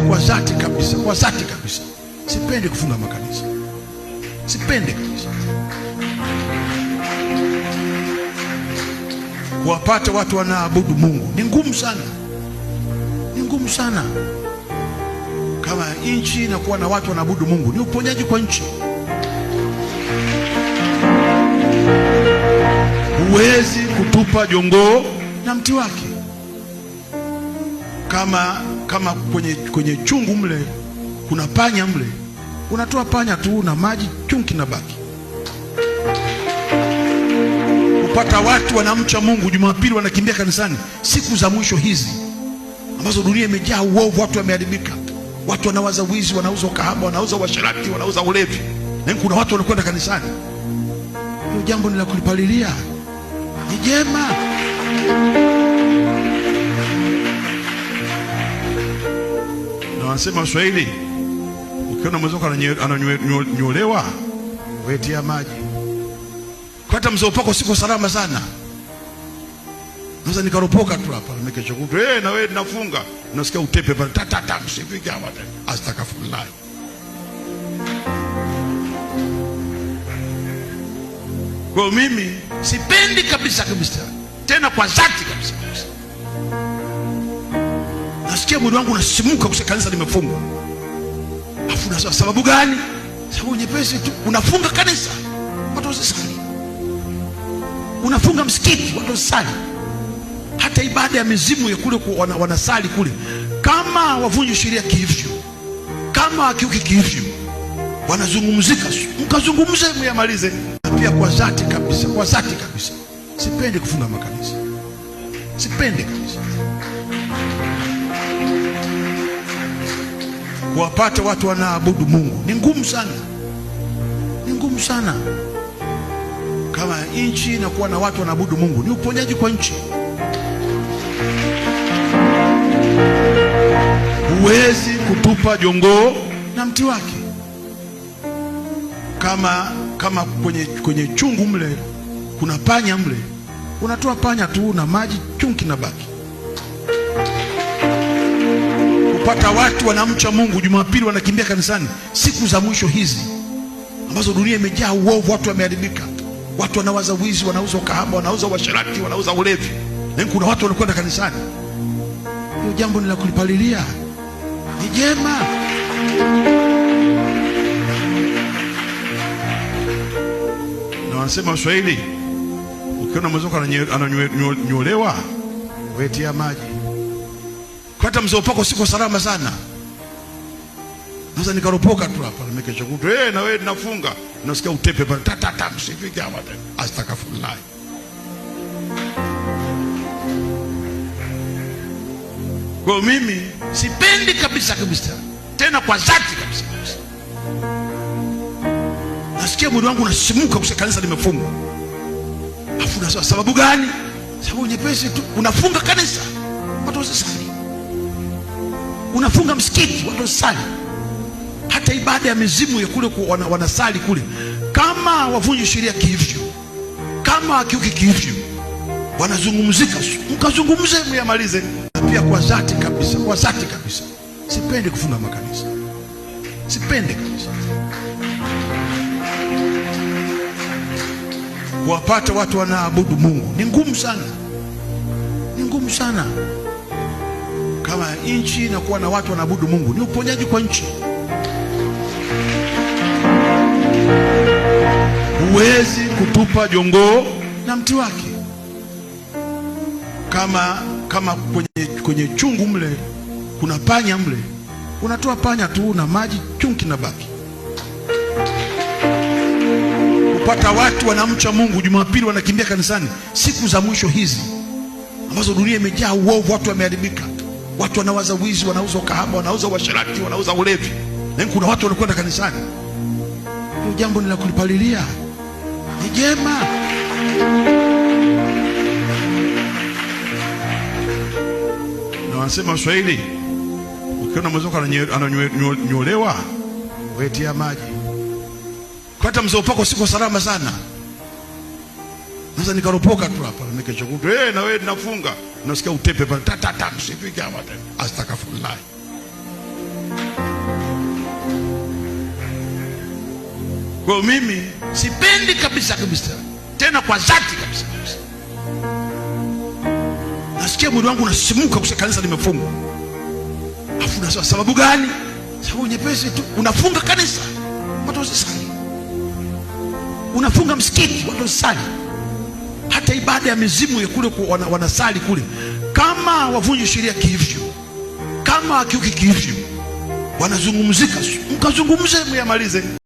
nakwambia kwa dhati kabisa, kwa dhati kabisa, sipendi kufunga makanisa, sipendi kabisa kuwapata watu wanaabudu Mungu. Ni ngumu sana, ni ngumu sana. Kama nchi inakuwa na watu wanaabudu Mungu, ni uponyaji kwa nchi. Huwezi kutupa jongoo na mti wake kama kama kwenye, kwenye chungu mle kuna panya mle, unatoa panya tu na maji, chungu kinabaki. Kupata watu wanamcha Mungu, Jumapili wanakimbia kanisani. Siku za mwisho hizi ambazo dunia imejaa uovu, watu wameharibika, watu wanawaza wizi, wanauza ukahaba, wanauza uasherati, wanauza ulevi, na kuna watu wanakwenda kanisani. Hiyo jambo ni la kulipalilia, ni jema. wanasema swahili ukiona mwenzako ananyolewa wetia maji. Kata mzee upako siko salama sana, naweza nikaropoka tu hapa mekesho kutu eh, na wewe nafunga, nasikia utepe pale ta, msifike hapa astakafullahi Kwa mimi sipendi kabisa kabisa, tena kwa dhati kabisa kabisa nasikia mwili wangu unasimuka kwa kanisa limefungwa. Afu nasema sababu gani? Sababu nyepesi tu, unafunga kanisa watu wasisali, unafunga msikiti watu wasisali, hata ibada ya mizimu ya kule wana, wanasali kule, kama wavunje sheria kihivyo, kama wakiuki kihivyo, wanazungumzika, mkazungumze muyamalize. Na pia kwa dhati kabisa, kwa dhati kabisa, sipendi kufunga makanisa, sipendi kabisa. kuwapata watu wanaabudu Mungu ni ngumu sana, ni ngumu sana. Kama nchi inakuwa na watu wanaabudu Mungu ni uponyaji kwa nchi. Huwezi kutupa jongoo na mti wake. Kama, kama kwenye, kwenye chungu mle kuna panya mle, unatoa panya tu na maji, chungu kinabaki kupata watu wanamcha Mungu, Jumapili wanakimbia kanisani. Siku za mwisho hizi ambazo dunia imejaa uovu, watu wameharibika, watu wanawaza wizi, wanauza ukahaba, wanauza uasherati, wanauza ulevi, lakini kuna watu wanakwenda kanisani. Hiyo jambo ni la kulipalilia, ni jema. Na wanasema Waswahili, ukiona mwezoka ananyolewa wetia maji hata upako siko salama sana. Sasa nikaropoka tu hapa nimekesha kutu Eh, na wewe ninafunga. Nasikia utepe pale. Ta ta ta msifike hapa tena. Astaghfirullah. Kwa mimi sipendi kabisa kabisa. Tena kwa dhati kabisa kabisa. Nasikia mwili wangu unasimuka kwa kanisa limefungwa. Afu na sababu gani? Sababu nyepesi tu unafunga kanisa. Watu wasisali unafunga msikiti wasali, hata ibada ya mizimu ya kule wana, wanasali kule, kama wavunji sheria kihivyo, kama wakiuki kihivyo, wanazungumzika, mkazungumze muyamalize. Na pia kwa dhati kabisa, kwa dhati kabisa, sipendi kufunga makanisa, sipendi kabisa kuwapata watu wanaabudu Mungu. Ni ngumu sana, ni ngumu sana kama nchi na kuwa na watu wanaabudu Mungu ni uponyaji kwa nchi. Huwezi kutupa jongoo na mti wake. Kama kama kwenye, kwenye chungu mle kuna panya mle, unatoa panya tu na maji, chungu kinabaki. upata watu wanamcha Mungu, Jumapili wanakimbia kanisani, siku za mwisho hizi ambazo dunia imejaa uovu, watu wameharibika Watu wanawaza wizi, wanauza ukahaba, wanauza uasherati, wanauza ulevi. Lakini kuna watu wanakwenda kanisani. Hiyo jambo ni la kulipalilia, ni jema. Na wanasema Waswahili, ukiona mzoka ananyolewa wetia maji, hata mzee upako siko salama sana. Sasa nikaropoka tu hapa na nikachokutwa, eh, na wewe tunafunga. Unasikia utepe pale ta ta ta, usifike hapa tena. Astaghfirullah. Kwa mimi sipendi kabisa kabisa, tena kwa dhati kabisa kabisa. Nasikia mwili wangu unasimuka kwa kanisa limefungwa. Afu na sababu gani? Sababu nyepesi tu, unafunga kanisa watu wasisali, unafunga msikiti watu wasisali hata ibada ya mizimu ya kule wanasali kule, kama wavunji sheria kihivyo, kama wakiuki kihivyo, wanazungumzika, mkazungumze muyamalize.